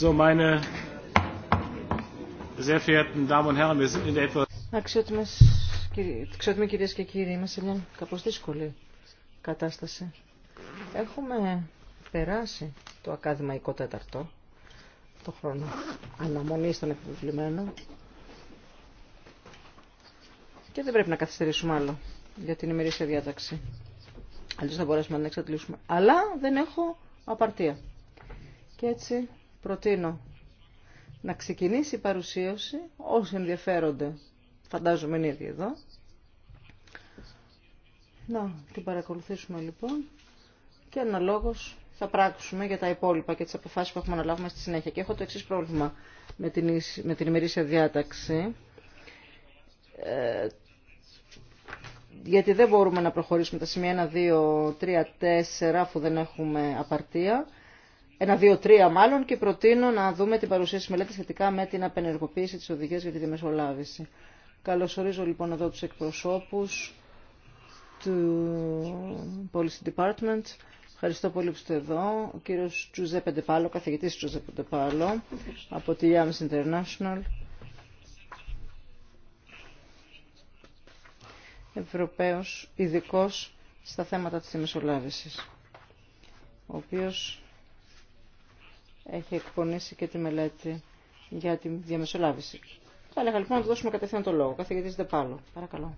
So, meine sehr verehrten και κύριοι, είμαστε σε μια κάπως δύσκολη κατάσταση. Έχουμε περάσει το ακαδημαϊκό τέταρτο, το χρόνο αναμονή των επιβλημένο και δεν πρέπει να καθυστερήσουμε άλλο για την ημερήσια διάταξη. Αλλιώς θα μπορέσουμε να εξαντλήσουμε. Αλλά δεν έχω απαρτία. Και έτσι προτείνω να ξεκινήσει η παρουσίαση όσοι ενδιαφέρονται, φαντάζομαι είναι ήδη εδώ. Να, την παρακολουθήσουμε λοιπόν και αναλόγως θα πράξουμε για τα υπόλοιπα και τις αποφάσεις που έχουμε λάβουμε στη συνέχεια. Και έχω το εξής πρόβλημα με την, με την ημερήσια διάταξη. Ε, γιατί δεν μπορούμε να προχωρήσουμε τα σημεία 1, 2, 3, 4 αφού δεν έχουμε απαρτία ένα, δύο, τρία μάλλον και προτείνω να δούμε την παρουσίαση μελέτη σχετικά με την απενεργοποίηση της οδηγίας για τη διαμεσολάβηση. Καλωσορίζω λοιπόν εδώ τους εκπροσώπους του Policy Department. Ευχαριστώ πολύ που είστε εδώ. Ο κύριος Τζουζέ Πεντεπάλο, καθηγητής Τζουζέ Πεντεπάλο από τη Yams International. Ευρωπαίος ειδικό στα θέματα της διαμεσολάβησης, ο οποίος έχει εκπονήσει και τη μελέτη για τη διαμεσολάβηση. Θα έλεγα λοιπόν να του δώσουμε κατευθείαν το λόγο. Καθηγητή Δεπάλο. Παρακαλώ.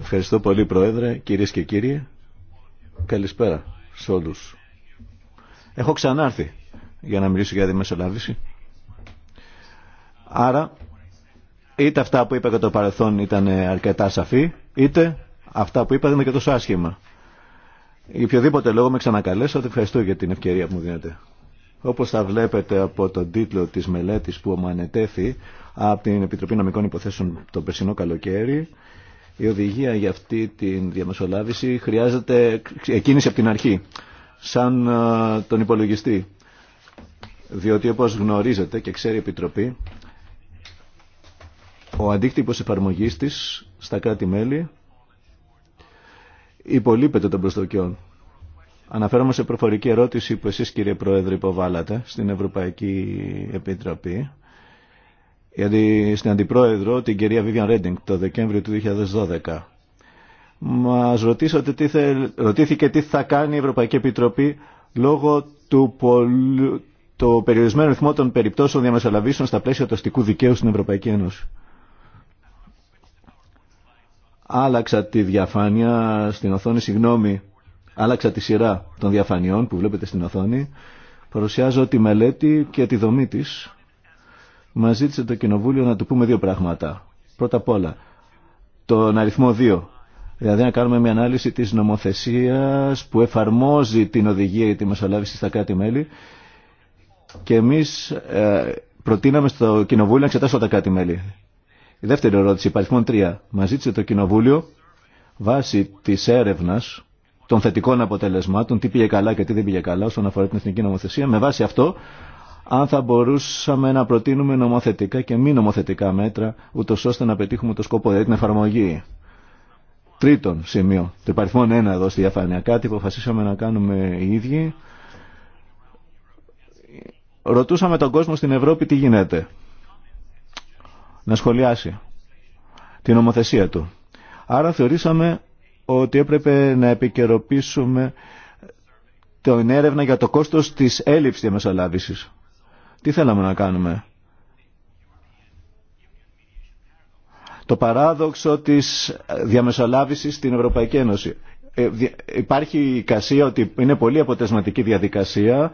Ευχαριστώ πολύ, Πρόεδρε, κύριε και κύριοι. Καλησπέρα σε όλου. Έχω ξανάρθει για να μιλήσω για διαμεσολάβηση. Άρα, είτε αυτά που είπα κατά το παρελθόν ήταν αρκετά σαφή, είτε αυτά που είπα είναι και τόσο άσχημα. Για οποιοδήποτε λόγο με ξανακαλέσατε, ευχαριστώ για την ευκαιρία που μου δίνετε. Όπως θα βλέπετε από τον τίτλο της μελέτης που μου ανετέθη από την Επιτροπή Νομικών Υποθέσεων το περσινό καλοκαίρι, η οδηγία για αυτή τη διαμεσολάβηση χρειάζεται εκείνης από την αρχή, σαν ε, τον υπολογιστή. Διότι όπως γνωρίζετε και ξέρει η Επιτροπή, ο αντίκτυπος εφαρμογής της στα κράτη-μέλη υπολείπεται των προσδοκιών. Αναφέρομαι σε προφορική ερώτηση που εσείς κύριε Πρόεδρε υποβάλατε στην Ευρωπαϊκή Επιτροπή γιατί στην Αντιπρόεδρο την κυρία Vivian Redding το Δεκέμβριο του 2012. Μας ρωτήσατε τι ρωτήθηκε τι θα κάνει η Ευρωπαϊκή Επιτροπή λόγω του το περιορισμένου ρυθμού των περιπτώσεων διαμεσολαβήσεων στα πλαίσια του αστικού δικαίου στην Ευρωπαϊκή Ένωση. Άλλαξα τη διαφάνεια στην οθόνη, συγγνώμη, άλλαξα τη σειρά των διαφανειών που βλέπετε στην οθόνη. Παρουσιάζω τη μελέτη και τη δομή της. Μα ζήτησε το Κοινοβούλιο να του πούμε δύο πράγματα. Πρώτα απ' όλα, τον αριθμό 2. Δηλαδή να κάνουμε μια ανάλυση της νομοθεσίας που εφαρμόζει την οδηγία για τη μεσολάβηση στα κάτι μελη και εμείς ε, προτείναμε στο Κοινοβούλιο να εξετάσουμε τα κάτι μελη η δεύτερη ερώτηση, υπαριθμόν 3. Μα ζήτησε το Κοινοβούλιο βάσει τη έρευνα των θετικών αποτελεσμάτων, τι πήγε καλά και τι δεν πήγε καλά όσον αφορά την εθνική νομοθεσία. Με βάση αυτό, αν θα μπορούσαμε να προτείνουμε νομοθετικά και μη νομοθετικά μέτρα, ούτω ώστε να πετύχουμε το σκοπό, δηλαδή την εφαρμογή. Τρίτον σημείο, το υπαριθμόν ένα εδώ στη διαφάνεια, κάτι που αποφασίσαμε να κάνουμε οι ίδιοι. Ρωτούσαμε τον κόσμο στην Ευρώπη τι γίνεται να σχολιάσει την ομοθεσία του. Άρα θεωρήσαμε ότι έπρεπε να επικαιροποιήσουμε την έρευνα για το κόστος της έλλειψης διαμεσολάβησης. Τι θέλαμε να κάνουμε. Το παράδοξο της διαμεσολάβησης στην Ευρωπαϊκή Ένωση. Ε, υπάρχει η κασία ότι είναι πολύ αποτελεσματική διαδικασία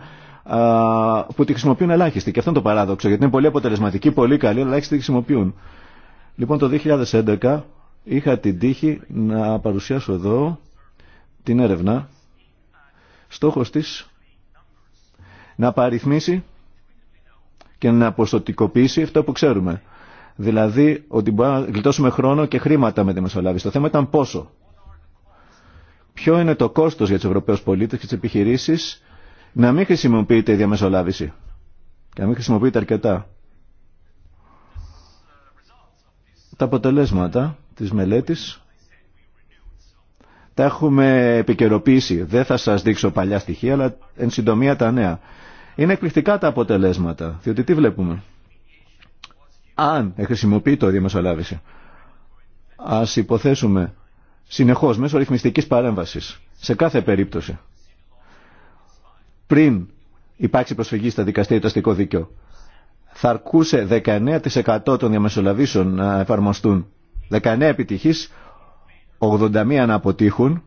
που τη χρησιμοποιούν ελάχιστοι. Και αυτό είναι το παράδοξο, γιατί είναι πολύ αποτελεσματική, πολύ καλή, αλλά ελάχιστοι τη χρησιμοποιούν. Λοιπόν, το 2011 είχα την τύχη να παρουσιάσω εδώ την έρευνα. Στόχος της να παριθμίσει και να αποστοτικοποιήσει αυτό που ξέρουμε. Δηλαδή ότι μπορούμε να γλιτώσουμε χρόνο και χρήματα με τη μεσολάβηση. Το θέμα ήταν πόσο. Ποιο είναι το κόστος για τους Ευρωπαίους πολίτες και τις επιχειρήσεις να μην χρησιμοποιείται η διαμεσολάβηση και να μην χρησιμοποιείται αρκετά. Τα αποτελέσματα της μελέτης τα έχουμε επικαιροποίησει. Δεν θα σας δείξω παλιά στοιχεία, αλλά εν συντομία τα νέα. Είναι εκπληκτικά τα αποτελέσματα, διότι τι βλέπουμε. Αν χρησιμοποιεί το διαμεσολάβηση, ας υποθέσουμε συνεχώς μέσω ρυθμιστικής παρέμβασης, σε κάθε περίπτωση, πριν υπάρξει προσφυγή στα δικαστήρια του αστικό δίκαιο. Θα αρκούσε 19% των διαμεσολαβήσεων να εφαρμοστούν. 19 επιτυχείς, 81 να αποτύχουν,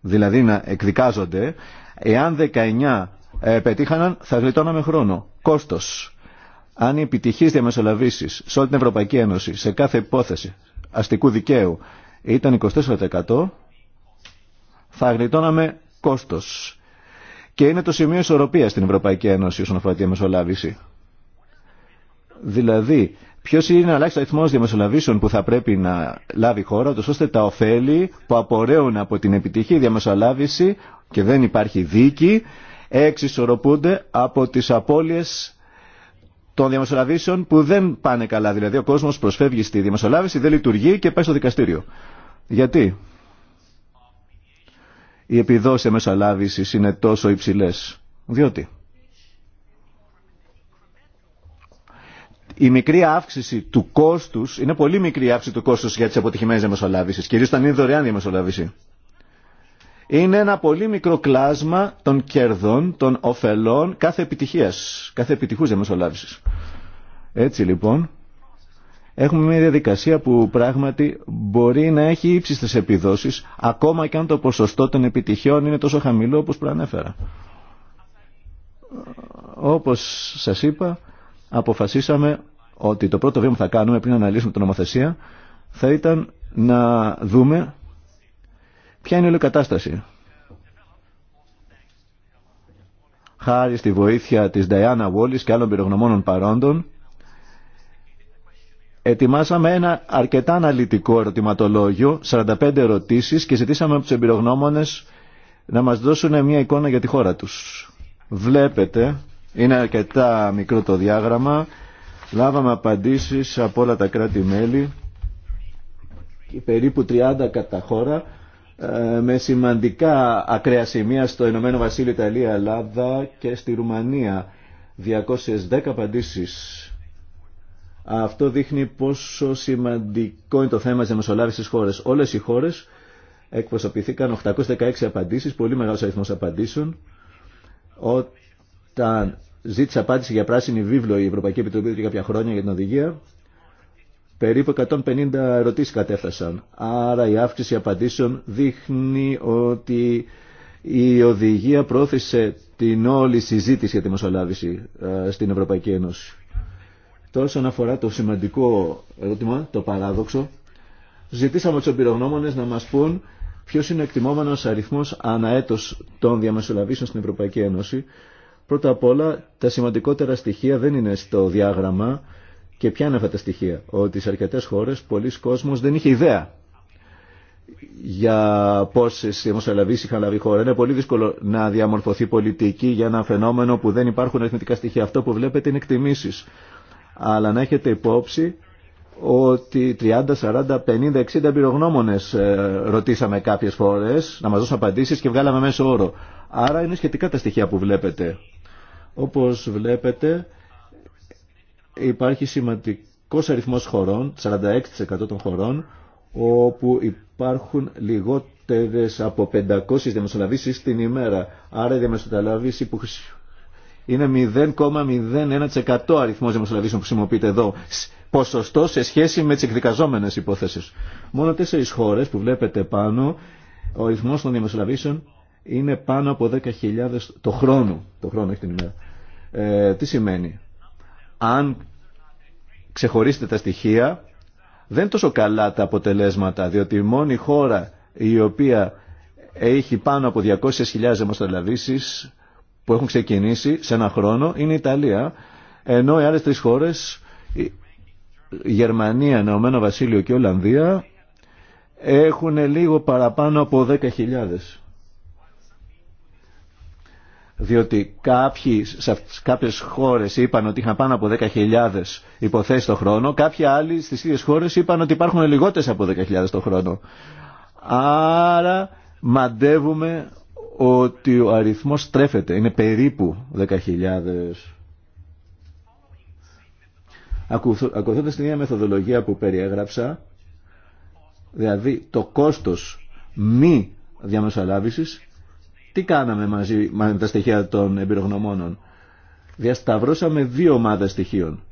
δηλαδή να εκδικάζονται. Εάν 19 ε, πετύχαναν, θα γλιτώναμε χρόνο. Κόστος. Αν οι επιτυχείς διαμεσολαβήσεις σε όλη την Ευρωπαϊκή Ένωση, σε κάθε υπόθεση αστικού δικαίου, ήταν 24%, θα γλιτώναμε κόστος και είναι το σημείο ισορροπίας στην Ευρωπαϊκή Ένωση όσον αφορά τη διαμεσολάβηση. Δηλαδή, ποιο είναι ο ελάχιστο αριθμό διαμεσολαβήσεων που θα πρέπει να λάβει η χώρα, ώστε τα ωφέλη που απορρέουν από την επιτυχή διαμεσολάβηση και δεν υπάρχει δίκη, εξισορροπούνται από τι απώλειε των διαμεσολαβήσεων που δεν πάνε καλά. Δηλαδή, ο κόσμο προσφεύγει στη διαμεσολάβηση, δεν λειτουργεί και πάει στο δικαστήριο. Γιατί οι επιδόσεις μεσολάβησης είναι τόσο υψηλές. Διότι η μικρή αύξηση του κόστους, είναι πολύ μικρή η αύξηση του κόστους για τις αποτυχημένες διαμεσολάβησεις, κυρίως όταν είναι δωρεάν διαμεσολάβηση. Είναι ένα πολύ μικρό κλάσμα των κερδών, των ωφελών κάθε επιτυχίας, κάθε επιτυχούς διαμεσολάβησης. Έτσι λοιπόν, έχουμε μια διαδικασία που πράγματι μπορεί να έχει ύψιστες επιδόσεις ακόμα και αν το ποσοστό των επιτυχιών είναι τόσο χαμηλό όπως προανέφερα. Όπως σας είπα, αποφασίσαμε ότι το πρώτο βήμα που θα κάνουμε πριν αναλύσουμε την νομοθεσία θα ήταν να δούμε ποια είναι η κατάσταση. Χάρη στη βοήθεια της Diana Wallis και άλλων πυρογνωμόνων παρόντων, Ετοιμάσαμε ένα αρκετά αναλυτικό ερωτηματολόγιο, 45 ερωτήσεις και ζητήσαμε από τους εμπειρογνώμονες να μας δώσουν μια εικόνα για τη χώρα τους. Βλέπετε, είναι αρκετά μικρό το διάγραμμα, λάβαμε απαντήσεις από όλα τα κράτη-μέλη, περίπου 30 κατά χώρα, ε, με σημαντικά ακραία σημεία στο Ηνωμένο Βασίλειο, Ιταλία, Ελλάδα και στη Ρουμανία. 210 απαντήσεις αυτό δείχνει πόσο σημαντικό είναι το θέμα της διαμεσολάβησης στις χώρες. Όλες οι χώρες εκπροσωπηθήκαν 816 απαντήσεις, πολύ μεγάλος αριθμός απαντήσεων. Όταν ζήτησε απάντηση για πράσινη βίβλο η Ευρωπαϊκή Επιτροπή για κάποια χρόνια για την οδηγία, περίπου 150 ερωτήσεις κατέφτασαν. Άρα η αύξηση απαντήσεων δείχνει ότι η οδηγία πρόθεσε την όλη συζήτηση για τη μοσολάβηση ε, στην Ευρωπαϊκή Ένωση. Τώρα όσον αφορά το σημαντικό ερώτημα, το παράδοξο, ζητήσαμε του εμπειρογνώμονες να μας πούν ποιο είναι ο εκτιμόμενος αριθμός αναέτος των διαμεσολαβήσεων στην Ευρωπαϊκή Ένωση. Πρώτα απ' όλα, τα σημαντικότερα στοιχεία δεν είναι στο διάγραμμα και ποια είναι αυτά τα στοιχεία. Ότι σε αρκετές χώρες πολλοί κόσμος δεν είχε ιδέα για πόσε δημοσιολαβήσει είχαν λάβει χώρα. Είναι πολύ δύσκολο να διαμορφωθεί πολιτική για ένα φαινόμενο που δεν υπάρχουν αριθμητικά στοιχεία. Αυτό που βλέπετε είναι εκτιμήσει αλλά να έχετε υπόψη ότι 30, 40, 50, 60 ε, ρωτήσαμε κάποιες φορές να μας δώσουν απαντήσεις και βγάλαμε μέσο όρο. Άρα είναι σχετικά τα στοιχεία που βλέπετε. Όπως βλέπετε υπάρχει σημαντικός αριθμός χωρών, 46% των χωρών, όπου υπάρχουν λιγότερες από 500 διαμεσολαβήσεις την ημέρα. Άρα η διαμεσολαβήση που είναι 0,01% αριθμός δημοσιολαβήσεων που χρησιμοποιείται εδώ ποσοστό σε σχέση με τις εκδικαζόμενες υποθέσεις. Μόνο τέσσερις χώρες που βλέπετε πάνω, ο αριθμός των δημοσιολαβήσεων είναι πάνω από 10.000 το χρόνο, το χρόνο έχει την ημέρα. Ε, τι σημαίνει. Αν ξεχωρίσετε τα στοιχεία, δεν είναι τόσο καλά τα αποτελέσματα, διότι η μόνη χώρα η οποία έχει πάνω από 200.000 δημοσιολαβήσεις που έχουν ξεκινήσει σε ένα χρόνο είναι η Ιταλία, ενώ οι άλλες τρεις χώρες, η Γερμανία, Νεωμένο Βασίλειο και Ολλανδία, έχουν λίγο παραπάνω από 10.000. Διότι κάποιοι, σε κάποιες χώρες είπαν ότι είχαν πάνω από 10.000 υποθέσεις το χρόνο, κάποιοι άλλοι στις ίδιες χώρες είπαν ότι υπάρχουν λιγότερες από 10.000 το χρόνο. Άρα μαντεύουμε ότι ο αριθμός στρέφεται, είναι περίπου 10.000. Ακολουθώντας την ίδια μεθοδολογία που περιέγραψα, δηλαδή το κόστος μη διαμεσολάβησης, τι κάναμε μαζί με τα στοιχεία των εμπειρογνωμόνων. Διασταυρώσαμε δύο ομάδες στοιχείων.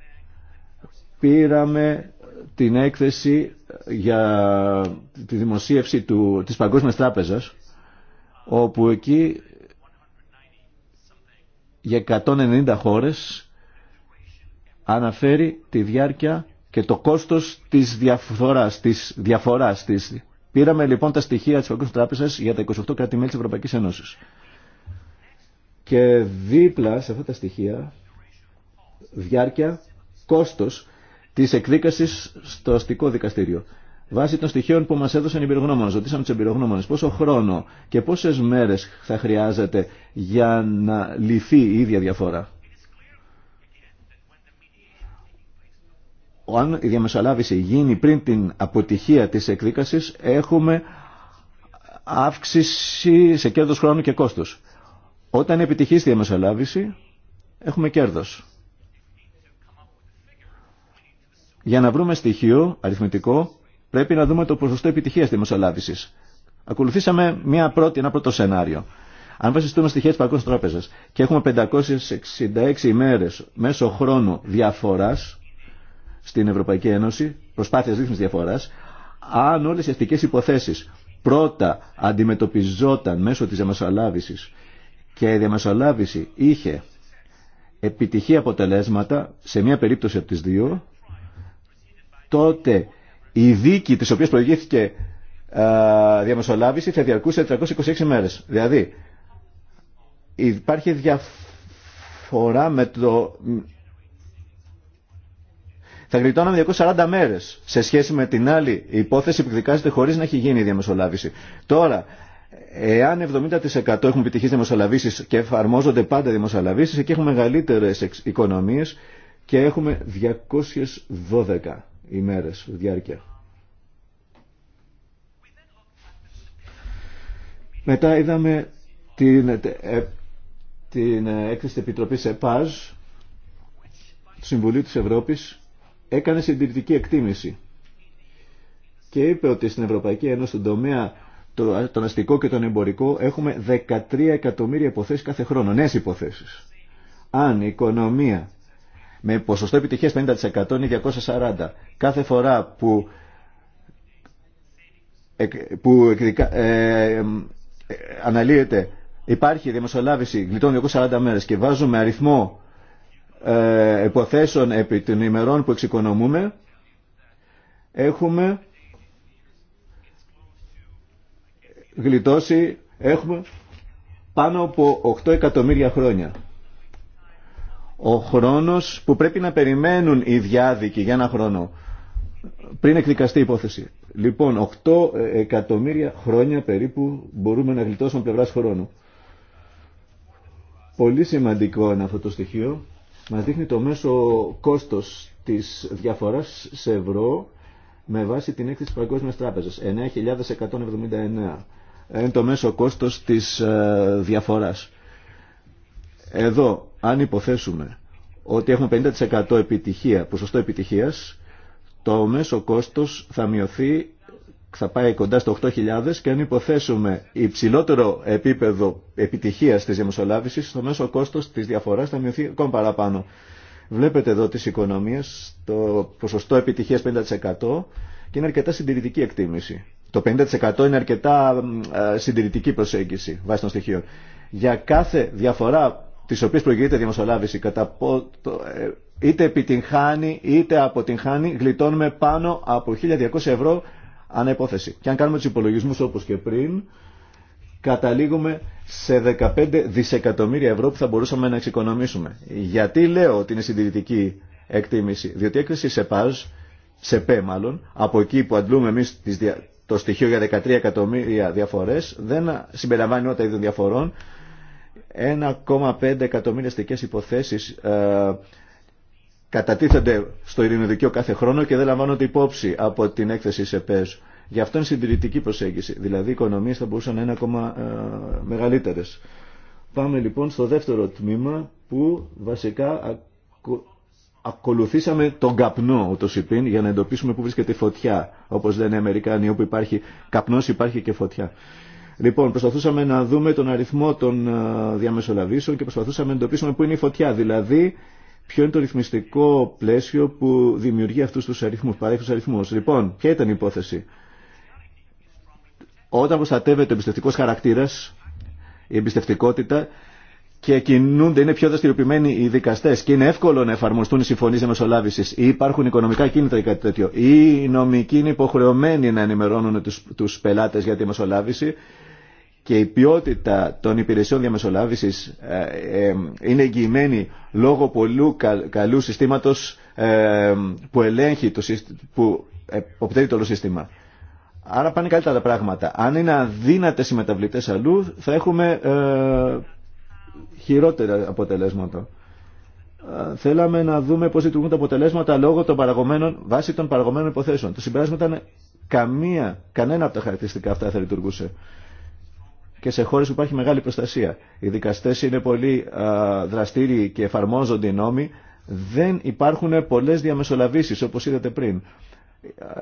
Πήραμε την έκθεση για τη δημοσίευση του, της Παγκόσμιας Τράπεζας όπου εκεί για 190 χώρες αναφέρει τη διάρκεια και το κόστος της διαφοράς. Της διαφοράς της. Πήραμε λοιπόν τα στοιχεία της Ευρωπαϊκής Τράπεζας για τα 28 κράτη-μέλη της Ευρωπαϊκής Ένωσης. Και δίπλα σε αυτά τα στοιχεία, διάρκεια, κόστος της εκδίκασης στο αστικό δικαστήριο. Βάσει των στοιχείων που μας έδωσαν οι εμπειρογνώμονες, ρωτήσαμε τους εμπειρογνώμονε πόσο χρόνο και πόσες μέρες θα χρειάζεται για να λυθεί η ίδια διαφορά. Αν η διαμεσολάβηση γίνει πριν την αποτυχία της εκδίκασης, έχουμε αύξηση σε κέρδος χρόνου και κόστος. Όταν επιτυχεί η διαμεσολάβηση, έχουμε κέρδος. Για να βρούμε στοιχείο αριθμητικό, Πρέπει να δούμε το ποσοστό τη διαμεσολάβηση. Ακολουθήσαμε μια πρώτη, ένα πρώτο σενάριο. Αν βασιστούμε στοιχεία τη Παγκόσμια Τράπεζα και έχουμε 566 ημέρε μέσω χρόνου διαφορά στην Ευρωπαϊκή Ένωση, προσπάθεια δείχνει διαφορά, αν όλε οι αστικέ υποθέσει πρώτα αντιμετωπιζόταν μέσω τη διαμεσολάβηση και η διαμεσολάβηση είχε επιτυχή αποτελέσματα σε μία περίπτωση από τις δύο, τότε η δίκη της οποίας προηγήθηκε ε, διαμεσολάβηση θα διαρκούσε 426 μέρες. Δηλαδή υπάρχει διαφορά με το... Θα γλιτώναμε 240 μέρες σε σχέση με την άλλη υπόθεση που εκδικάζεται χωρίς να έχει γίνει η διαμεσολάβηση. Τώρα, εάν 70% έχουν επιτυχείς διαμεσολαβήσεις και εφαρμόζονται πάντα διαμεσολαβήσεις, εκεί έχουμε μεγαλύτερες οικονομίες και έχουμε 212 ημέρες διάρκεια. Μετά είδαμε την, ε, την έκθεση της Επιτροπής ΕΠΑΖ του Συμβουλίου της Ευρώπης έκανε συντηρητική εκτίμηση και είπε ότι στην Ευρωπαϊκή Ένωση στον τομέα τον αστικό και τον εμπορικό έχουμε 13 εκατομμύρια υποθέσεις κάθε χρόνο, νέες υποθέσεις. Αν η οικονομία με ποσοστό επιτυχίας 50% είναι 240. Κάθε φορά που, που ε, ε, αναλύεται υπάρχει δημοσιολάβηση γλιτών 240 μέρες και βάζουμε αριθμό ε, υποθέσεων επί των ημερών που εξοικονομούμε, έχουμε γλιτώσει, έχουμε πάνω από 8 εκατομμύρια χρόνια ο χρόνος που πρέπει να περιμένουν οι διάδικοι για ένα χρόνο πριν εκδικαστεί η υπόθεση. Λοιπόν, 8 εκατομμύρια χρόνια περίπου μπορούμε να γλιτώσουμε πλευρά χρόνου. Πολύ σημαντικό είναι αυτό το στοιχείο. Μας δείχνει το μέσο κόστος της διαφοράς σε ευρώ με βάση την έκθεση της Παγκόσμιας Τράπεζας. 9.179 είναι το μέσο κόστος της ε, διαφοράς. Εδώ αν υποθέσουμε ότι έχουμε 50% επιτυχία, ποσοστό επιτυχίας, το μέσο κόστος θα μειωθεί, θα πάει κοντά στο 8.000 και αν υποθέσουμε υψηλότερο επίπεδο επιτυχίας της διαμεσολάβησης, το μέσο κόστος της διαφοράς θα μειωθεί ακόμα παραπάνω. Βλέπετε εδώ τις οικονομίες, το ποσοστό επιτυχίας 50% και είναι αρκετά συντηρητική εκτίμηση. Το 50% είναι αρκετά ε, συντηρητική προσέγγιση βάσει των στοιχείων. Για κάθε διαφορά τις οποίες προηγείται δημοσιολάβηση, κατά πό... Ε, είτε επιτυγχάνει είτε αποτυγχάνει, γλιτώνουμε πάνω από 1.200 ευρώ ανά υπόθεση. Και αν κάνουμε τους υπολογισμούς όπως και πριν, καταλήγουμε σε 15 δισεκατομμύρια ευρώ που θα μπορούσαμε να εξοικονομήσουμε. Γιατί λέω ότι είναι συντηρητική εκτίμηση, διότι η έκθεση σε ΠΑΖ, σε ΠΕ μάλλον, από εκεί που αντλούμε εμείς το στοιχείο για 13 εκατομμύρια διαφορές, δεν συμπεριλαμβάνει όλα τα είδη διαφορών, 1,5 εκατομμύρια στικές υποθέσεις ε, κατατίθενται στο ειρηνοδικείο κάθε χρόνο και δεν λαμβάνονται υπόψη από την έκθεση σε ΠΕΣ. Γι' αυτό είναι συντηρητική προσέγγιση. Δηλαδή οι οικονομίες θα μπορούσαν να είναι ακόμα ε, μεγαλύτερες. Πάμε λοιπόν στο δεύτερο τμήμα που βασικά ακολουθήσαμε τον καπνό, ούτως υπήν, για να εντοπίσουμε πού βρίσκεται η φωτιά. Όπως λένε οι Αμερικάνοι, όπου υπάρχει καπνός υπάρχει και φωτιά. Λοιπόν, προσπαθούσαμε να δούμε τον αριθμό των ε, διαμεσολαβήσεων και προσπαθούσαμε να εντοπίσουμε πού είναι η φωτιά. Δηλαδή, ποιο είναι το ρυθμιστικό πλαίσιο που δημιουργεί αυτού του αριθμού, παρέχει του αριθμού. Λοιπόν, ποια ήταν η υπόθεση. Όταν προστατεύεται ο εμπιστευτικό χαρακτήρα, η εμπιστευτικότητα και κινούνται, είναι πιο δραστηριοποιημένοι οι δικαστέ και είναι εύκολο να εφαρμοστούν οι συμφωνίε διαμεσολάβηση ή υπάρχουν οικονομικά κίνητρα ή κάτι τέτοιο. Ή οι νομικοί είναι υποχρεωμένοι να ενημερώνουν του πελάτε για τη μεσολάβηση και η ποιότητα των υπηρεσιών διαμεσολάβησης ε, ε, είναι εγγυημένη λόγω πολλού καλού συστήματος ε, που ελέγχει το σύστημα, που όλο σύστημα. Άρα πάνε καλύτερα τα πράγματα. Αν είναι αδύνατες οι μεταβλητές αλλού θα έχουμε χειρότερα αποτελέσματα. Θέλαμε να δούμε πώς λειτουργούν τα αποτελέσματα λόγω των παραγωμένων, βάσει των παραγωμένων υποθέσεων. Το συμπέρασμα ήταν καμία, κανένα από τα χαρακτηριστικά αυτά θα λειτουργούσε και σε χώρες που υπάρχει μεγάλη προστασία. Οι δικαστές είναι πολύ δραστήριοι και εφαρμόζονται οι νόμοι. Δεν υπάρχουν πολλές διαμεσολαβήσεις όπως είδατε πριν.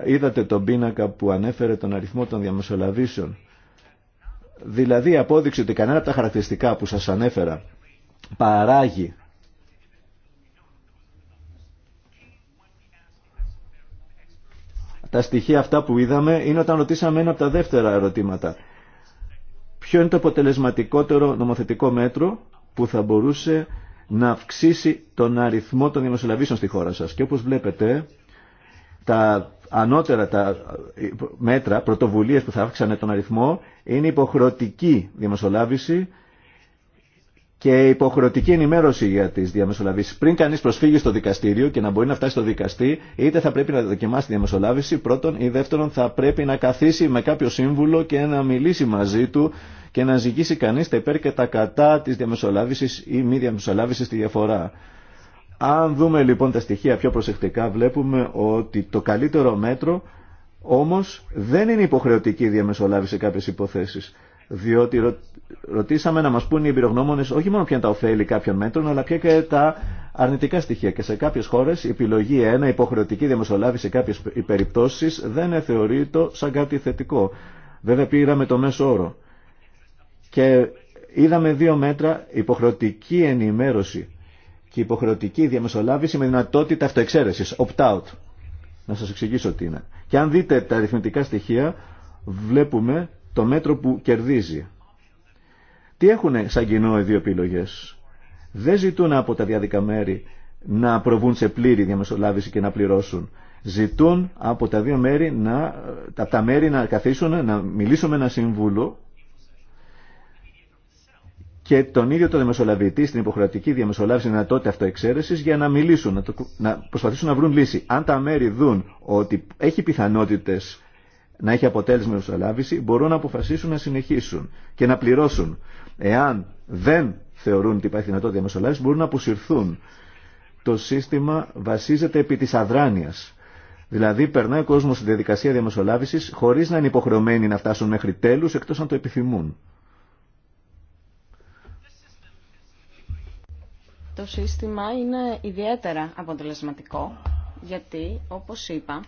Είδατε τον πίνακα που ανέφερε τον αριθμό των διαμεσολαβήσεων. Δηλαδή η απόδειξη ότι κανένα από τα χαρακτηριστικά που σας ανέφερα παράγει Τα στοιχεία αυτά που είδαμε είναι όταν ρωτήσαμε ένα από τα δεύτερα ερωτήματα ποιο είναι το αποτελεσματικότερο νομοθετικό μέτρο που θα μπορούσε να αυξήσει τον αριθμό των δημοσιολαβήσεων στη χώρα σας. Και όπως βλέπετε, τα ανώτερα τα ε, μέτρα, πρωτοβουλίες που θα αύξανε τον αριθμό, είναι υποχρεωτική δημοσιολάβηση και υποχρεωτική ενημέρωση για τι διαμεσολαβήσει. Πριν κανεί προσφύγει στο δικαστήριο και να μπορεί να φτάσει στο δικαστή, είτε θα πρέπει να δοκιμάσει τη διαμεσολάβηση πρώτον, ή δεύτερον θα πρέπει να καθίσει με κάποιο σύμβουλο και να μιλήσει μαζί του και να ζυγίσει κανεί τα υπέρ και τα κατά τη διαμεσολάβηση ή μη διαμεσολάβηση στη διαφορά. Αν δούμε λοιπόν τα στοιχεία πιο προσεκτικά, βλέπουμε ότι το καλύτερο μέτρο όμω δεν είναι υποχρεωτική διαμεσολάβηση σε κάποιε υποθέσει διότι ρωτήσαμε να μας πούν οι εμπειρογνώμονες όχι μόνο ποια είναι τα ωφέλη κάποιων μέτρων, αλλά ποια και τα αρνητικά στοιχεία. Και σε κάποιες χώρες η επιλογή 1, υποχρεωτική διαμεσολάβηση σε κάποιες περιπτώσεις, δεν θεωρείται σαν κάτι θετικό. Βέβαια πήραμε το μέσο όρο. Και είδαμε δύο μέτρα, υποχρεωτική ενημέρωση και υποχρεωτική διαμεσολάβηση με δυνατότητα αυτοεξαίρεσης, opt-out. Να σας εξηγήσω τι είναι. Και αν δείτε τα αριθμητικά στοιχεία, βλέπουμε το μέτρο που κερδίζει. Τι έχουν σαν κοινό οι δύο επιλογές. Δεν ζητούν από τα διάδικα μέρη να προβούν σε πλήρη διαμεσολάβηση και να πληρώσουν. Ζητούν από τα δύο μέρη να, τα μέρη να καθίσουν, να μιλήσουν με ένα σύμβουλο και τον ίδιο το διαμεσολαβητή στην υποχρεωτική διαμεσολάβηση τότε αυτοεξαίρεση για να μιλήσουν, να, να προσπαθήσουν να βρουν λύση. Αν τα μέρη δουν ότι έχει πιθανότητες να έχει αποτέλεσμα η μεσολάβηση, μπορούν να αποφασίσουν να συνεχίσουν και να πληρώσουν. Εάν δεν θεωρούν ότι υπάρχει δυνατότητα μεσολάβηση, μπορούν να αποσυρθούν. Το σύστημα βασίζεται επί της αδράνειας. Δηλαδή, περνάει ο κόσμο στη διαδικασία διαμεσολάβηση χωρί να είναι υποχρεωμένοι να φτάσουν μέχρι τέλου εκτό αν το επιθυμούν. Το σύστημα είναι ιδιαίτερα αποτελεσματικό γιατί, όπως είπα,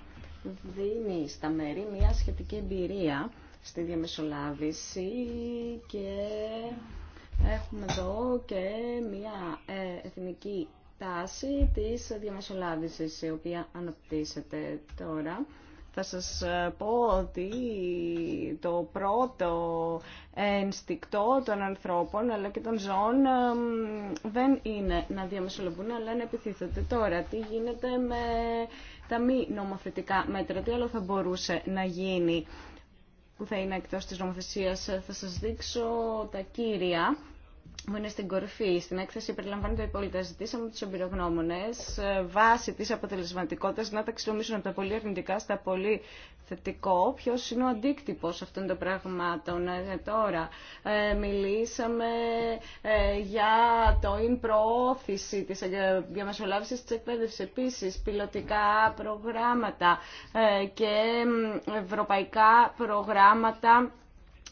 δίνει στα μέρη μια σχετική εμπειρία στη διαμεσολάβηση και έχουμε εδώ και μια ε, εθνική τάση της διαμεσολάβησης η οποία αναπτύσσεται τώρα θα σας ε, πω ότι το πρώτο ενστικτό των ανθρώπων αλλά και των ζώων δεν είναι να διαμεσολαβούν αλλά να επιθύθονται. Τώρα, τι γίνεται με τα μη νομοθετικά μέτρα, τι άλλο θα μπορούσε να γίνει που θα είναι εκτός της νομοθεσίας. Θα σας δείξω τα κύρια που είναι στην κορυφή. Στην έκθεση περιλαμβάνεται το Ζητήσαμε του εμπειρογνώμονε ε, βάσει τη αποτελεσματικότητα να ταξινομήσουν από τα πολύ αρνητικά στα πολύ θετικό. Ποιο είναι ο αντίκτυπο αυτών των πραγμάτων. Ε, τώρα, ε, μιλήσαμε για το in προώθηση τη διαμεσολάβηση τη εκπαίδευση. Επίση, πιλωτικά προγράμματα και ευρωπαϊκά προγράμματα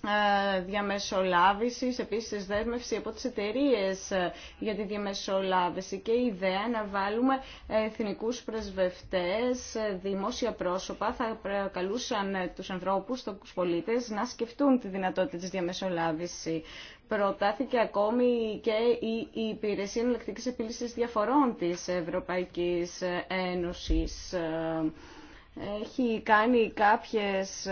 ε, διαμεσολάβηση, επίσης δέσμευση από τις εταιρείε ε, για τη διαμεσολάβηση και η ιδέα να βάλουμε εθνικούς πρεσβευτές, ε, δημόσια πρόσωπα, θα καλούσαν τους ανθρώπους, τους πολίτες να σκεφτούν τη δυνατότητα της διαμεσολάβηση. Προτάθηκε ακόμη και η Υπηρεσία ενολεκτικής Επίλυσης Διαφορών της Ευρωπαϊκής Ένωσης. Έχει κάνει κάποιες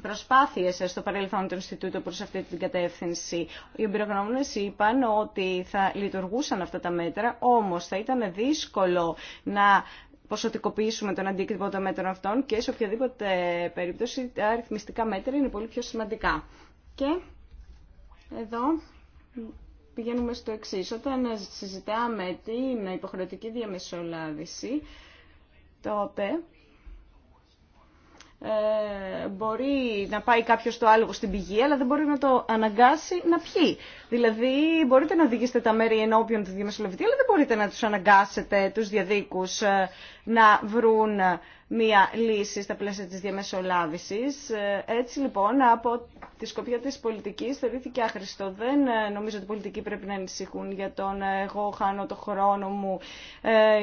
προσπάθειες στο παρελθόν του Ινστιτούτου προ αυτή την κατεύθυνση. Οι εμπειρογνώμονε είπαν ότι θα λειτουργούσαν αυτά τα μέτρα, όμως θα ήταν δύσκολο να ποσοτικοποιήσουμε τον αντίκτυπο των μέτρων αυτών και σε οποιαδήποτε περίπτωση τα αριθμιστικά μέτρα είναι πολύ πιο σημαντικά. Και εδώ πηγαίνουμε στο εξή. Όταν συζητάμε την υποχρεωτική διαμεσολάβηση, τότε ε, μπορεί να πάει κάποιος το άλογο στην πηγή, αλλά δεν μπορεί να το αναγκάσει να πιει. Δηλαδή, μπορείτε να οδηγήσετε τα μέρη ενώπιον του διαμεσολαβητή, αλλά δεν μπορείτε να τους αναγκάσετε τους διαδίκους ε, να βρουν μία λύση στα πλαίσια της διαμεσολάβησης. Ε, έτσι λοιπόν από τη σκοπιά της πολιτικής θεωρήθηκε άχρηστο. Δεν ε, νομίζω ότι οι πολιτικοί πρέπει να ανησυχούν για τον ε, εγώ χάνω το χρόνο μου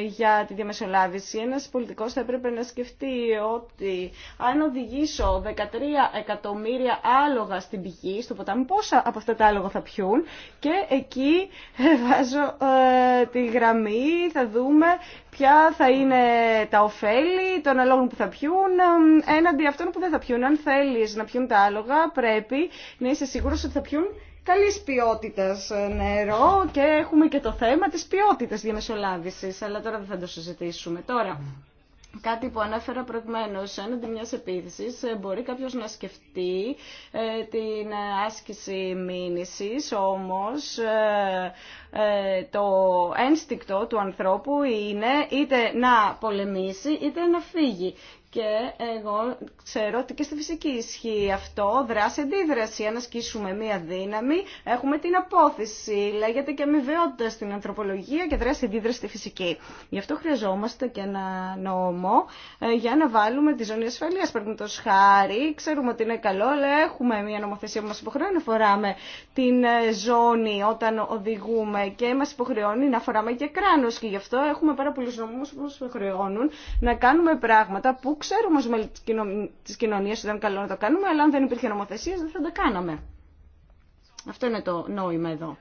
για τη διαμεσολάβηση. Ένας πολιτικός θα έπρεπε να σκεφτεί ότι αν οδηγήσω 13 εκατομμύρια άλογα στην πηγή, στο ποτάμι, πόσα από αυτά τα άλογα θα πιούν και εκεί βάζω τη γραμμή, θα δούμε ποια θα είναι τα ωφέλη των αλόγων που θα πιούν έναντι αυτών που δεν θα πιούν. Αν θέλεις να πιούν τα άλογα πρέπει να είσαι σίγουρος ότι θα πιούν καλή ποιότητα ε, νερό και έχουμε και το θέμα της ποιότητας διαμεσολάβησης, αλλά τώρα δεν θα το συζητήσουμε. Τώρα, κάτι που ανέφερα προηγουμένως, έναντι μια επίθεσης ε, μπορεί κάποιος να σκεφτεί ε, την άσκηση μήνυσης, όμως ε, το ένστικτο του ανθρώπου είναι είτε να πολεμήσει είτε να φύγει. Και εγώ ξέρω ότι και στη φυσική ισχύει αυτό, δράση-αντίδραση. Αν ασκήσουμε μία δύναμη, έχουμε την απόθεση. Λέγεται και αμοιβαιότητα στην ανθρωπολογία και δράση-αντίδραση στη φυσική. Γι' αυτό χρειαζόμαστε και ένα νόμο ε, για να βάλουμε τη ζώνη ασφαλεία. Παίρνουμε το ξέρουμε ότι είναι καλό, αλλά έχουμε μία νομοθεσία που μα υποχρεώνει να φοράμε την ε, ζώνη όταν οδηγούμε και μα υποχρεώνει να φοράμε και κράνο. Και γι' αυτό έχουμε πάρα πολλού νόμου που μα υποχρεώνουν να κάνουμε πράγματα που ξέρουμε ως μέλη της κοινωνίας ότι ήταν καλό να το κάνουμε, αλλά αν δεν υπήρχε νομοθεσία δεν θα τα κάναμε. Αυτό είναι το νόημα εδώ.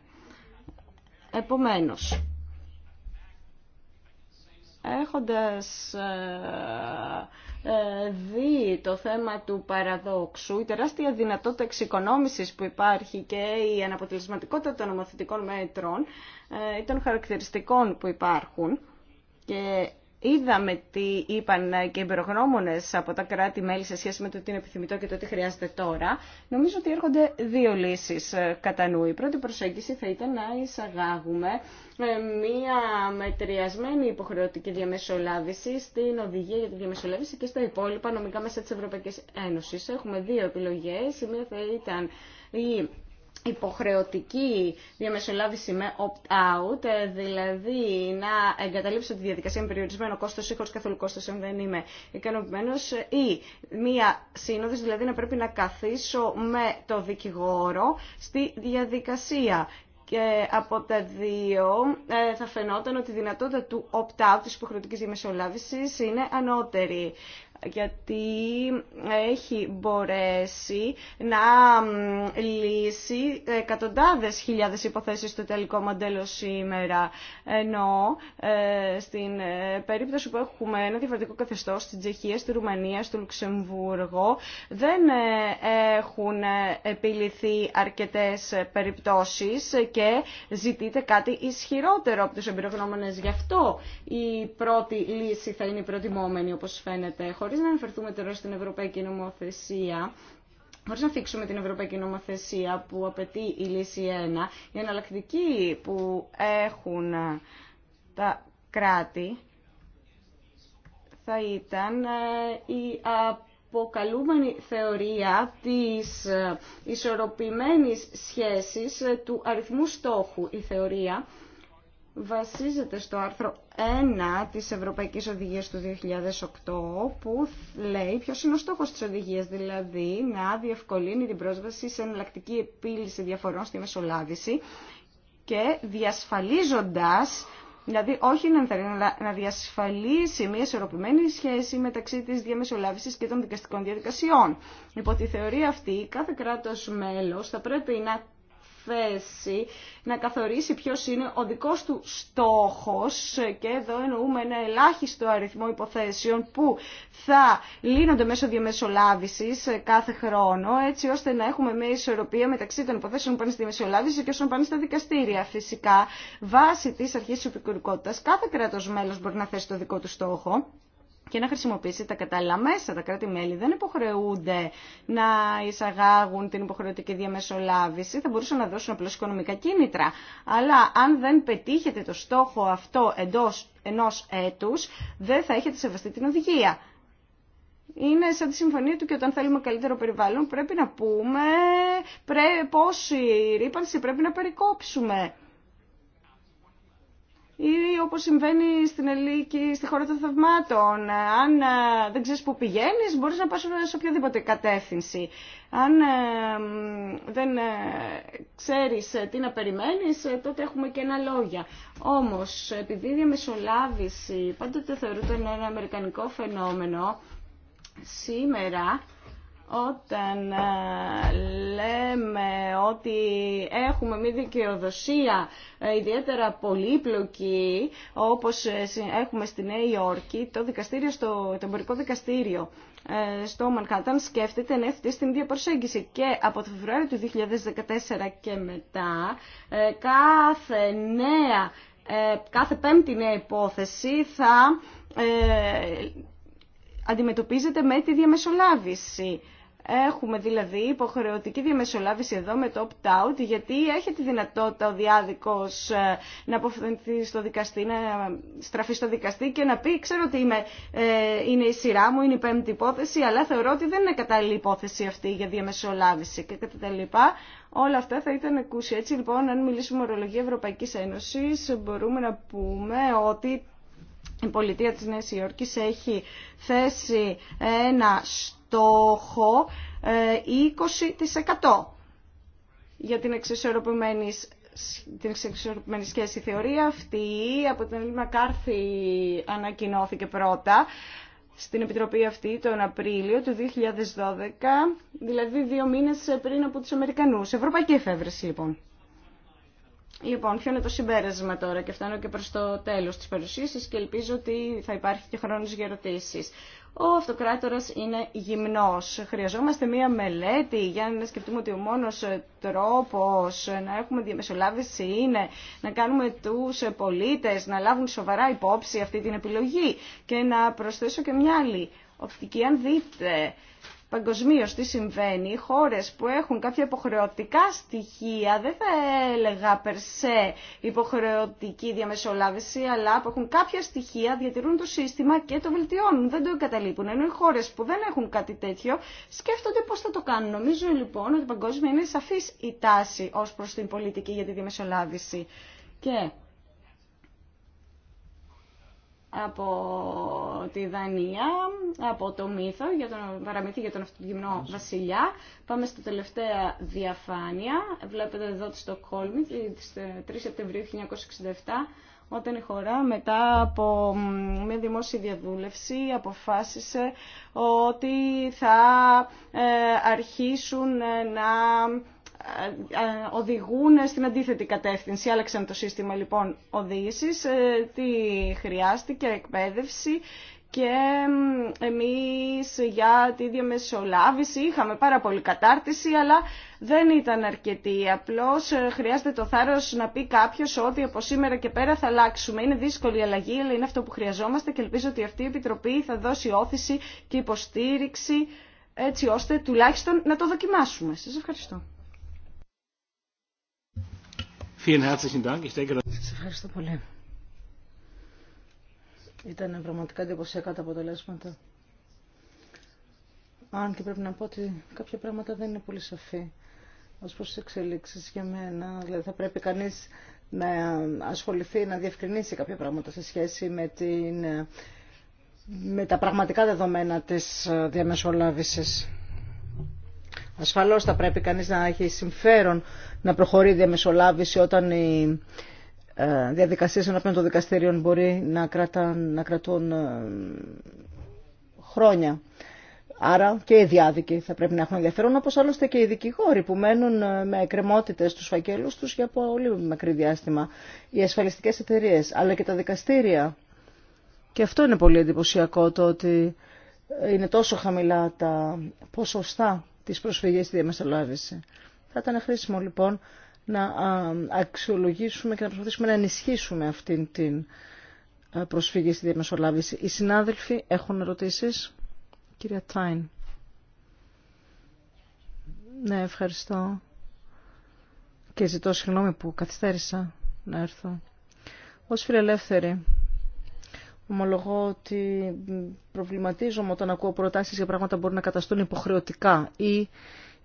Επομένως, έχοντας ε, ε, δει το θέμα του παραδόξου, η τεράστια δυνατότητα εξοικονόμησης που υπάρχει και η αναποτελεσματικότητα των νομοθετικών μέτρων ή ε, των χαρακτηριστικών που υπάρχουν και Είδαμε τι είπαν και οι εμπειρογνώμονε από τα κράτη-μέλη σε σχέση με το τι είναι επιθυμητό και το τι χρειάζεται τώρα. Νομίζω ότι έρχονται δύο λύσει ε, κατά νου. Η πρώτη προσέγγιση θα ήταν να εισαγάγουμε ε, μία μετριασμένη υποχρεωτική διαμεσολάβηση στην οδηγία για τη διαμεσολάβηση και στα υπόλοιπα νομικά μέσα τη Ευρωπαϊκή Ένωση. Έχουμε δύο επιλογέ. Η μία θα ήταν η υποχρεωτική διαμεσολάβηση με opt-out, ε, δηλαδή να εγκαταλείψω τη διαδικασία με περιορισμένο κόστο ή χωρί καθόλου κόστο, αν δεν είμαι ικανοποιημένο, ή μία σύνοδο, δηλαδή να πρέπει να καθίσω με το δικηγόρο στη διαδικασία. Και από τα δύο ε, θα φαινόταν ότι η δυνατότητα του opt-out της υποχρεωτικής διαμεσολάβησης είναι ανώτερη γιατί έχει μπορέσει να λύσει εκατοντάδες χιλιάδες υποθέσεις στο τελικό μοντέλο σήμερα. Ενώ ε, στην ε, περίπτωση που έχουμε ένα διαφορετικό καθεστώς στην Τσεχία, στη Ρουμανία, στο Λουξεμβούργο, δεν ε, έχουν επιληθεί αρκετές περιπτώσεις και ζητείται κάτι ισχυρότερο από τους εμπειρογνώμονες. Γι' αυτό η πρώτη λύση θα είναι η προτιμόμενη, όπως φαίνεται, χωρίς χωρίς να αναφερθούμε τώρα στην Ευρωπαϊκή Νομοθεσία, Χωρί να αφήξουμε την Ευρωπαϊκή Νομοθεσία που απαιτεί η λύση 1, η εναλλακτική που έχουν ε, τα κράτη θα ήταν ε, η αποκαλούμενη θεωρία της ε, ισορροπημένης σχέσης του αριθμού στόχου. Η θεωρία βασίζεται στο άρθρο 1 της Ευρωπαϊκής Οδηγίας του 2008 που λέει ποιος είναι ο στόχος της οδηγίας, δηλαδή να διευκολύνει την πρόσβαση σε εναλλακτική επίλυση διαφορών στη μεσολάβηση και διασφαλίζοντας Δηλαδή όχι να διασφαλίσει μια ισορροπημένη σχέση μεταξύ της διαμεσολάβησης και των δικαστικών διαδικασιών. Υπό τη θεωρία αυτή, κάθε κράτος μέλος θα πρέπει να θέση να καθορίσει ποιος είναι ο δικός του στόχος και εδώ εννοούμε ένα ελάχιστο αριθμό υποθέσεων που θα λύνονται μέσω διαμεσολάβηση κάθε χρόνο έτσι ώστε να έχουμε μια ισορροπία μεταξύ των υποθέσεων που πάνε στη διαμεσολάβηση και όσων πάνε στα δικαστήρια. Φυσικά, βάσει της αρχής της κάθε κράτος μέλος μπορεί να θέσει το δικό του στόχο και να χρησιμοποιήσει τα κατάλληλα μέσα. Τα κράτη-μέλη δεν υποχρεούνται να εισαγάγουν την υποχρεωτική διαμεσολάβηση, θα μπορούσαν να δώσουν απλώ οικονομικά κίνητρα. Αλλά αν δεν πετύχετε το στόχο αυτό εντό ενό έτου, δεν θα έχετε σεβαστεί την οδηγία. Είναι σαν τη συμφωνία του και όταν θέλουμε καλύτερο περιβάλλον πρέπει να πούμε πρέ, πόση ρήπανση πρέπει να περικόψουμε ή όπως συμβαίνει στην Ελίκη, στη χώρα των θαυμάτων. Αν ε, δεν ξέρεις που πηγαίνεις, μπορείς να πας σε οποιαδήποτε κατεύθυνση. Αν ε, δεν ε, ξέρεις τι να περιμένεις, τότε έχουμε και ένα λόγια. Όμως, επειδή η διαμεσολάβηση πάντοτε θεωρούνται ένα αμερικανικό φαινόμενο, σήμερα όταν ε, λέμε ότι έχουμε μια δικαιοδοσία ε, ιδιαίτερα πολύπλοκη όπως ε, έχουμε στη Νέα Υόρκη το, δικαστήριο στο, το εμπορικό δικαστήριο στο Μανχάταν σκέφτεται να στην ίδια και από το Φεβρουάριο του 2014 και μετά κάθε νέα κάθε πέμπτη νέα υπόθεση θα αντιμετωπίζεται με τη διαμεσολάβηση. Έχουμε δηλαδή υποχρεωτική διαμεσολάβηση εδώ με το opt-out, γιατί έχει τη δυνατότητα ο διάδικος ε, να αποφευθεί στο δικαστή, να στραφεί στο δικαστή και να πει, ξέρω ότι είμαι, ε, είναι η σειρά μου, είναι η πέμπτη υπόθεση, αλλά θεωρώ ότι δεν είναι κατάλληλη υπόθεση αυτή για διαμεσολάβηση και κατά Όλα αυτά θα ήταν ακούσει. Έτσι λοιπόν, αν μιλήσουμε ορολογία Ευρωπαϊκής Ένωσης, μπορούμε να πούμε ότι η πολιτεία της Νέας Υόρκης έχει θέσει ένα στόχο στόχο 20% ε, για την εξισορροπημένη την σχέση θεωρία αυτή από την Ελλήνα Κάρθη ανακοινώθηκε πρώτα στην Επιτροπή αυτή τον Απρίλιο του 2012, δηλαδή δύο μήνες πριν από τους Αμερικανούς. Ευρωπαϊκή εφεύρεση λοιπόν. Λοιπόν, ποιο είναι το συμπέρασμα τώρα και φτάνω και προς το τέλος της παρουσίασης και ελπίζω ότι θα υπάρχει και χρόνος για ερωτήσεις. Ο αυτοκράτορας είναι γυμνός. Χρειαζόμαστε μία μελέτη για να σκεφτούμε ότι ο μόνος τρόπος να έχουμε διαμεσολάβηση είναι να κάνουμε τους πολίτες να λάβουν σοβαρά υπόψη αυτή την επιλογή. Και να προσθέσω και μια άλλη οπτική, αν δείτε παγκοσμίω τι συμβαίνει, οι χώρε που έχουν κάποια υποχρεωτικά στοιχεία, δεν θα έλεγα περσέ υποχρεωτική διαμεσολάβηση, αλλά που έχουν κάποια στοιχεία, διατηρούν το σύστημα και το βελτιώνουν, δεν το εγκαταλείπουν. Ενώ οι χώρε που δεν έχουν κάτι τέτοιο σκέφτονται πώς θα το κάνουν. Νομίζω λοιπόν ότι παγκόσμια είναι σαφή η τάση ω προ την πολιτική για τη διαμεσολάβηση. Και από τη Δανία, από το μύθο, για τον, παραμύθι για τον αυτογυμνό βασιλιά. Πάμε στο τελευταία διαφάνεια. Βλέπετε εδώ τη Στοκχόλμη, της 3 ε, Σεπτεμβρίου 1967, όταν η χώρα μετά από μια δημόσια διαδούλευση αποφάσισε ότι θα ε, αρχίσουν ε, να ε, ε, οδηγούν στην αντίθετη κατεύθυνση. Άλλαξαν το σύστημα λοιπόν οδήγηση. Ε, τι χρειάστηκε, εκπαίδευση και εμείς για τη διαμεσολάβηση είχαμε πάρα πολύ κατάρτιση, αλλά δεν ήταν αρκετή. Απλώς χρειάζεται το θάρρος να πει κάποιος ότι από σήμερα και πέρα θα αλλάξουμε. Είναι δύσκολη η αλλαγή, αλλά είναι αυτό που χρειαζόμαστε και ελπίζω ότι αυτή η Επιτροπή θα δώσει όθηση και υποστήριξη έτσι ώστε τουλάχιστον να το δοκιμάσουμε. Σας ευχαριστώ. Σας ευχαριστώ πολύ. Ήταν πραγματικά εντυπωσιακά τα αποτελέσματα. Αν και πρέπει να πω ότι κάποια πράγματα δεν είναι πολύ σαφή ως προς τις εξελίξεις για μένα. Δηλαδή θα πρέπει κανείς να ασχοληθεί, να διευκρινίσει κάποια πράγματα σε σχέση με, την, με τα πραγματικά δεδομένα της διαμεσολάβησης. Ασφαλώς θα πρέπει κανείς να έχει συμφέρον να προχωρεί η διαμεσολάβηση όταν οι ε, διαδικασίες ενώπιον των δικαστήριων μπορεί να, κρατάν, να κρατούν ε, χρόνια. Άρα και οι διάδικοι θα πρέπει να έχουν ενδιαφέρον, όπω άλλωστε και οι δικηγόροι που μένουν ε, με εκκρεμότητε στους φακέλους τους για πολύ μακρύ διάστημα. Οι ασφαλιστικές εταιρείε, αλλά και τα δικαστήρια. Και αυτό είναι πολύ εντυπωσιακό το ότι είναι τόσο χαμηλά τα ποσοστά τη προσφυγής στη διαμεσολάβηση. Θα ήταν χρήσιμο λοιπόν να αξιολογήσουμε και να προσπαθήσουμε να ενισχύσουμε αυτήν την προσφύγη στη διαμεσολάβηση. Οι συνάδελφοι έχουν ερωτήσει. Κυρία Τάιν. Ναι, ευχαριστώ. Και ζητώ συγγνώμη που καθυστέρησα να έρθω. Ως φιλελεύθερη, ομολογώ ότι προβληματίζομαι όταν ακούω προτάσεις για πράγματα που μπορεί να καταστούν υποχρεωτικά ή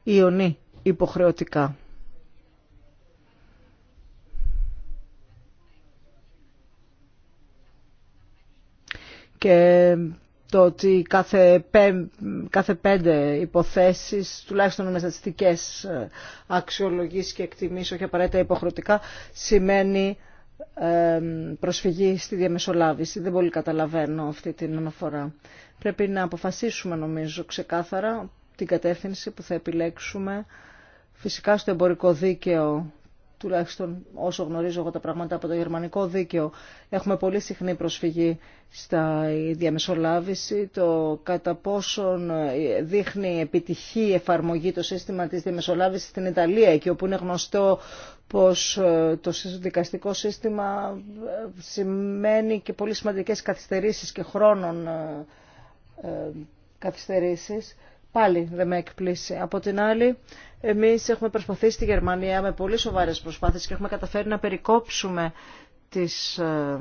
ιονή υποχρεωτικά. Και το ότι κάθε, κάθε πέντε υποθέσεις, τουλάχιστον με στατιστικές ε, αξιολογήσεις και εκτιμήσεις, όχι απαραίτητα υποχρεωτικά, σημαίνει ε, προσφυγή στη διαμεσολάβηση. Δεν πολύ καταλαβαίνω αυτή την αναφορά. Πρέπει να αποφασίσουμε νομίζω ξεκάθαρα την κατεύθυνση που θα επιλέξουμε Φυσικά στο εμπορικό δίκαιο, τουλάχιστον όσο γνωρίζω εγώ τα πράγματα από το γερμανικό δίκαιο, έχουμε πολύ συχνή προσφυγή στα διαμεσολάβηση, το κατά πόσον ε, δείχνει επιτυχή εφαρμογή το σύστημα της διαμεσολάβησης στην Ιταλία, εκεί όπου είναι γνωστό πως ε, το δικαστικό σύστημα ε, σημαίνει και πολύ σημαντικές καθυστερήσεις και χρόνων καθυστερήσεις. Πάλι δεν με εκπλήσει. Από την άλλη, εμείς έχουμε προσπαθήσει στη Γερμανία με πολύ σοβαρές προσπάθειες και έχουμε καταφέρει να περικόψουμε τις ε,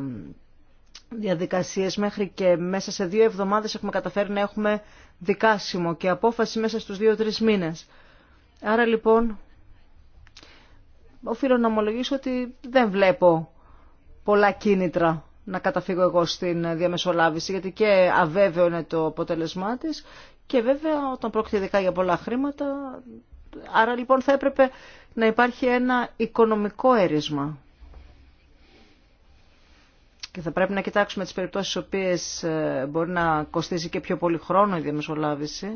διαδικασίες μέχρι και μέσα σε δύο εβδομάδες έχουμε καταφέρει να έχουμε δικάσιμο και απόφαση μέσα στους δύο-τρεις μήνες. Άρα λοιπόν, οφείλω να ομολογήσω ότι δεν βλέπω πολλά κίνητρα να καταφύγω εγώ στην διαμεσολάβηση, γιατί και αβέβαιο είναι το αποτέλεσμά της και βέβαια όταν πρόκειται ειδικά για πολλά χρήματα, άρα λοιπόν θα έπρεπε να υπάρχει ένα οικονομικό έρισμα. Και θα πρέπει να κοιτάξουμε τις περιπτώσεις στις οποίες ε, μπορεί να κοστίζει και πιο πολύ χρόνο η διαμεσολάβηση.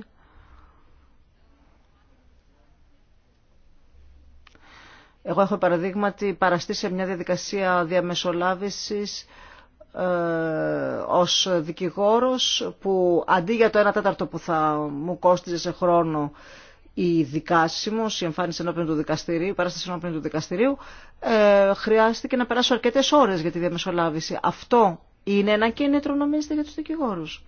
Εγώ έχω παραδείγματι παραστεί σε μια διαδικασία διαμεσολάβησης ε, ως δικηγόρος που αντί για το 1 τέταρτο που θα μου κόστιζε σε χρόνο η δικάσιμος, η εμφάνιση ενώπιον του δικαστηρίου, η παράσταση ενώπιον του δικαστηρίου, ε, χρειάστηκε να περάσω αρκετές ώρες για τη διαμεσολάβηση. Αυτό είναι ένα κίνητρο νομίζετε για τους δικηγόρους.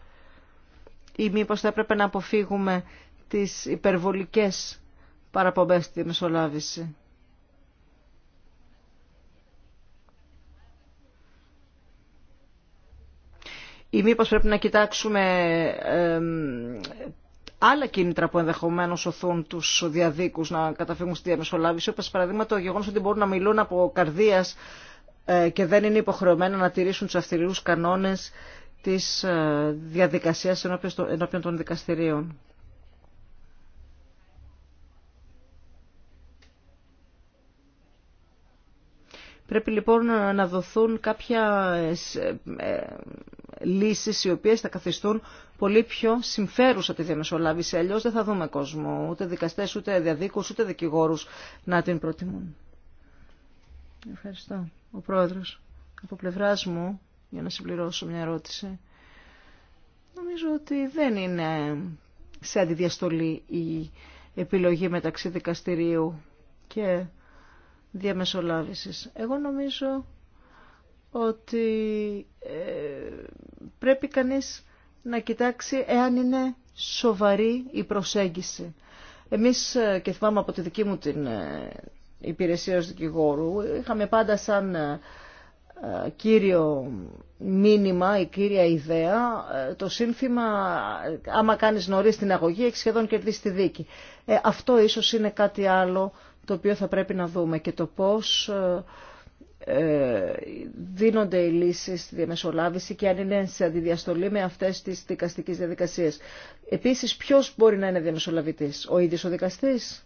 Ή μήπως θα έπρεπε να αποφύγουμε τις υπερβολικές παραπομπές στη διαμεσολάβηση. ή μήπως πρέπει να κοιτάξουμε άλλα κίνητρα που ενδεχομένως οθούν του διαδίκου να καταφύγουν στη διαμεσολάβηση, όπως παραδείγμα το γεγονός ότι μπορούν να μιλούν από καρδίας ε, και δεν είναι υποχρεωμένα να τηρήσουν του κανόνες κανόνε τη διαδικασίας ενώπιον των δικαστηρίων. Πρέπει λοιπόν να δοθούν κάποια ε, ε, λύσεις οι οποίες θα καθιστούν πολύ πιο συμφέρουσα τη διαμεσολάβηση. Αλλιώς δεν θα δούμε κόσμο, ούτε δικαστές, ούτε διαδίκους, ούτε δικηγόρους να την προτιμούν. Ευχαριστώ. Ο Πρόεδρος, από πλευράς μου, για να συμπληρώσω μια ερώτηση, νομίζω ότι δεν είναι σε αντιδιαστολή η επιλογή μεταξύ δικαστηρίου και διαμεσολάβησης. Εγώ νομίζω ότι ε, πρέπει κανείς να κοιτάξει εάν είναι σοβαρή η προσέγγιση. Εμείς, ε, και θυμάμαι από τη δική μου την ε, υπηρεσία ως δικηγόρου, είχαμε πάντα σαν ε, κύριο μήνυμα, η κύρια ιδέα, το σύνθημα άμα κάνεις νωρίς την αγωγή έχει σχεδόν κερδίσει τη δίκη. αυτό ίσως είναι κάτι άλλο το οποίο θα πρέπει να δούμε και το πώς ε, δίνονται οι λύσεις στη διαμεσολάβηση και αν είναι σε αντιδιαστολή με αυτές τις δικαστικές διαδικασίες. Επίσης, ποιος μπορεί να είναι διαμεσολαβητής, ο ίδιος ο δικαστής.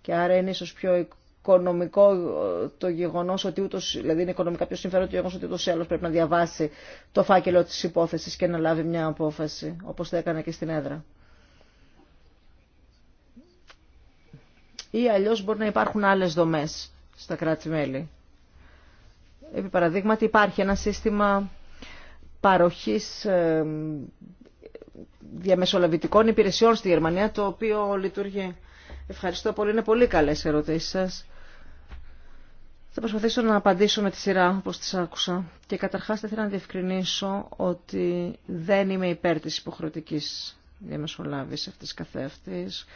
Και άρα είναι ίσως πιο οικονομικό ε, το γεγονός ότι ούτως, δηλαδή είναι οικονομικά πιο συμφέρον το γεγονός ότι ούτως ή πρέπει να διαβάσει το φάκελο της υπόθεσης και να λάβει μια απόφαση, όπως το έκανα και στην έδρα. Ή αλλιώς μπορεί να υπάρχουν άλλες δομές στα κράτη-μέλη. Επί παραδείγματι υπάρχει ένα σύστημα παροχής ε, διαμεσολαβητικών υπηρεσιών στη Γερμανία το οποίο λειτουργεί. Ευχαριστώ πολύ. Είναι πολύ καλές ερωτήσεις σας. Θα προσπαθήσω να απαντήσω με τη σειρά όπως τις άκουσα. Και καταρχάς θα ήθελα να διευκρινίσω ότι δεν είμαι υπέρ της υποχρεωτικής διαμεσολάβησης αυτής καθεύτης.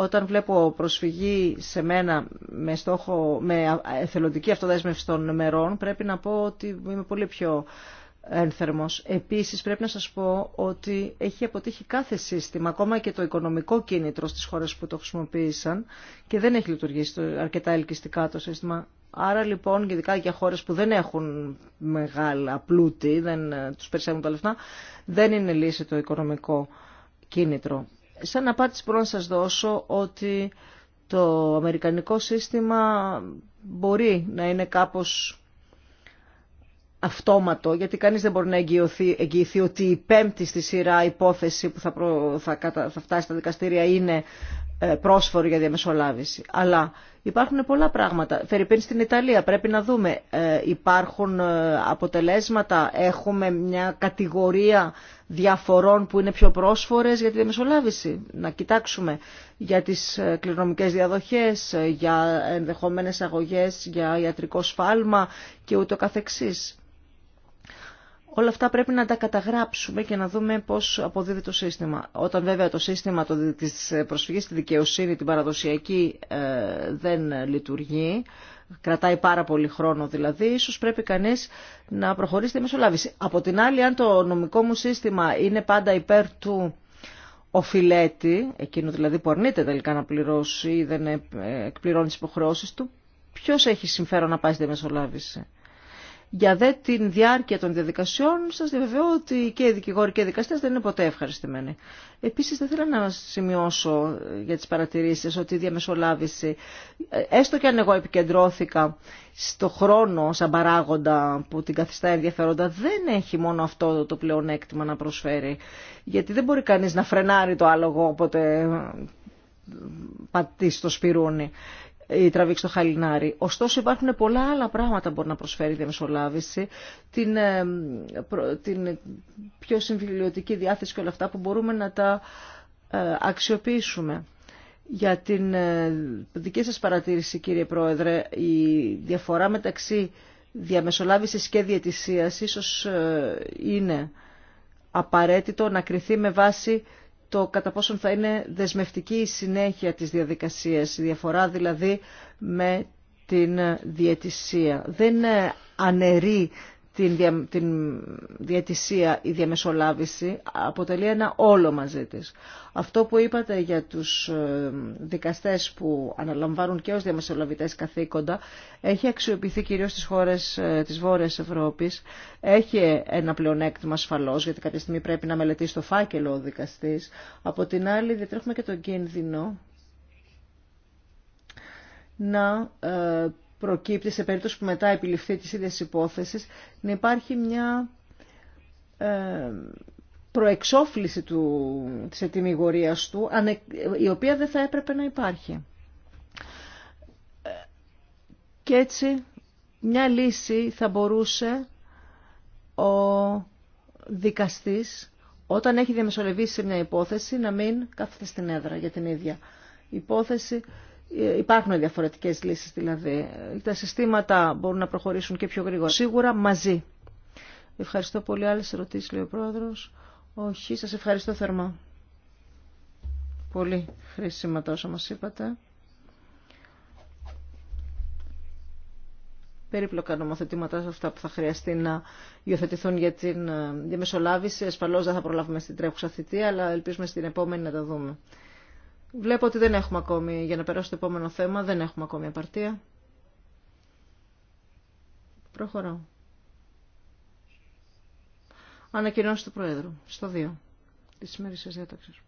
Όταν βλέπω προσφυγή σε μένα με, στόχο, με εθελοντική αυτοδέσμευση των μερών, πρέπει να πω ότι είμαι πολύ πιο ένθερμος. Επίσης πρέπει να σας πω ότι έχει αποτύχει κάθε σύστημα, ακόμα και το οικονομικό κίνητρο στις χώρες που το χρησιμοποίησαν και δεν έχει λειτουργήσει αρκετά ελκυστικά το σύστημα. Άρα λοιπόν, ειδικά για χώρες που δεν έχουν μεγάλα πλούτη, δεν ε, τους περισσεύουν τα λεφτά, δεν είναι λύση το οικονομικό κίνητρο. Σαν απάντηση μπορώ να σας δώσω ότι το αμερικανικό σύστημα μπορεί να είναι κάπως αυτόματο, γιατί κανείς δεν μπορεί να εγγυηθεί, ότι η πέμπτη στη σειρά υπόθεση που θα, θα, θα φτάσει στα δικαστήρια είναι ε, πρόσφοροι για διαμεσολάβηση. Αλλά υπάρχουν πολλά πράγματα. Φερρυπίν στην Ιταλία, πρέπει να δούμε, ε, υπάρχουν ε, αποτελέσματα, έχουμε μια κατηγορία διαφορών που είναι πιο πρόσφορες για τη διαμεσολάβηση. Να κοιτάξουμε για τις κληρονομικές διαδοχές, για ενδεχομένες αγωγές, για ιατρικό σφάλμα και ούτω καθεξής. Όλα αυτά πρέπει να τα καταγράψουμε και να δούμε πώς αποδίδει το σύστημα. Όταν βέβαια το σύστημα της προσφυγής στη δικαιοσύνη, την παραδοσιακή, ε, δεν λειτουργεί, κρατάει πάρα πολύ χρόνο δηλαδή, ίσως πρέπει κανείς να προχωρήσει τη μεσολάβηση. Από την άλλη, αν το νομικό μου σύστημα είναι πάντα υπέρ του οφειλέτη, εκείνο δηλαδή που αρνείται τελικά να πληρώσει ή δεν ε, εκπληρώνει τις υποχρεώσεις του, ποιος έχει συμφέρον να πάει στη μεσολάβηση. Για δε την διάρκεια των διαδικασιών σας διαβεβαιώ ότι και οι δικηγόροι και οι δικαστές δεν είναι ποτέ ευχαριστημένοι. Επίσης θα ήθελα να σημειώσω ε, για τις παρατηρήσεις ότι η διαμεσολάβηση, ε, έστω και αν εγώ επικεντρώθηκα στο χρόνο σαν παράγοντα που την καθιστά ενδιαφέροντα, δεν έχει μόνο αυτό το πλεονέκτημα να προσφέρει. Γιατί δεν μπορεί κανείς να φρενάρει το άλογο όποτε ε, πατήσει το σπιρούνι η τραβήξη χαλινάρι. Ωστόσο υπάρχουν πολλά άλλα πράγματα που μπορεί να προσφέρει η διαμεσολάβηση, την, ε, την πιο συμβιλιωτική διάθεση και όλα αυτά που μπορούμε να τα ε, αξιοποιήσουμε. Για την ε, δική σας παρατήρηση κύριε Πρόεδρε, η διαφορά μεταξύ διαμεσολάβησης και διαιτησίας ίσως είναι απαραίτητο να κριθεί με βάση το κατά πόσον θα είναι δεσμευτική η συνέχεια της διαδικασίας, η διαφορά δηλαδή με την διαιτησία. Δεν αναιρεί την, δια, την διατησία, η διαμεσολάβηση αποτελεί ένα όλο μαζί της. Αυτό που είπατε για τους ε, δικαστές που αναλαμβάνουν και ως διαμεσολαβητές καθήκοντα έχει αξιοποιηθεί κυρίως στις χώρες ε, της Βόρειας Ευρώπης. Έχει ένα πλεονέκτημα ασφαλώς γιατί κάποια στιγμή πρέπει να μελετήσει το φάκελο ο δικαστής. Από την άλλη διατρέχουμε και τον κίνδυνο να ε, προκύπτει σε περίπτωση που μετά επιληφθεί τις ίδιες υπόθεση να υπάρχει μια ε, προεξόφληση του, της ετοιμιγορίας του η οποία δεν θα έπρεπε να υπάρχει. Ε, και έτσι μια λύση θα μπορούσε ο δικαστής όταν έχει διαμεσολευήσει σε μια υπόθεση να μην κάθεται στην έδρα για την ίδια υπόθεση Υπάρχουν διαφορετικές λύσεις δηλαδή. Τα συστήματα μπορούν να προχωρήσουν και πιο γρήγορα. Σίγουρα μαζί. Ευχαριστώ πολύ. άλλε ερωτήσει, λέει ο πρόεδρο. Όχι, σας ευχαριστώ θερμά. Πολύ χρήσιμα τα όσα μας είπατε. περίπλοκα νομοθετήματα αυτά που θα χρειαστεί να υιοθετηθούν για την ε, διαμεσολάβηση. Εσφαλώ δεν θα προλάβουμε στην τρέχουσα θητεία, αλλά ελπίζουμε στην επόμενη να τα δούμε. Βλέπω ότι δεν έχουμε ακόμη, για να περάσω το επόμενο θέμα, δεν έχουμε ακόμη απαρτία. Προχωρώ. Ανακοινώσει του Προέδρου, στο 2 της σημερινής διάταξης.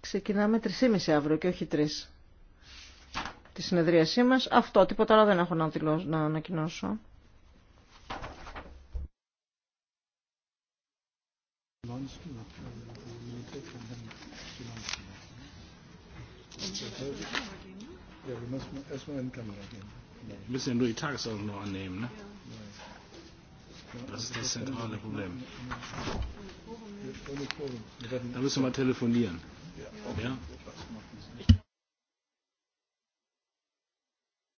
Ξεκινάμε 3.30 αύριο και όχι 3 τη συνεδρίασή μας. Αυτό, τίποτα άλλο δεν έχω να, δηλώσω, να ανακοινώσω. müssen nur die Tagesordnung noch annehmen. Ne? Das ist das zentrale Problem. Da müssen wir mal telefonieren. Ja?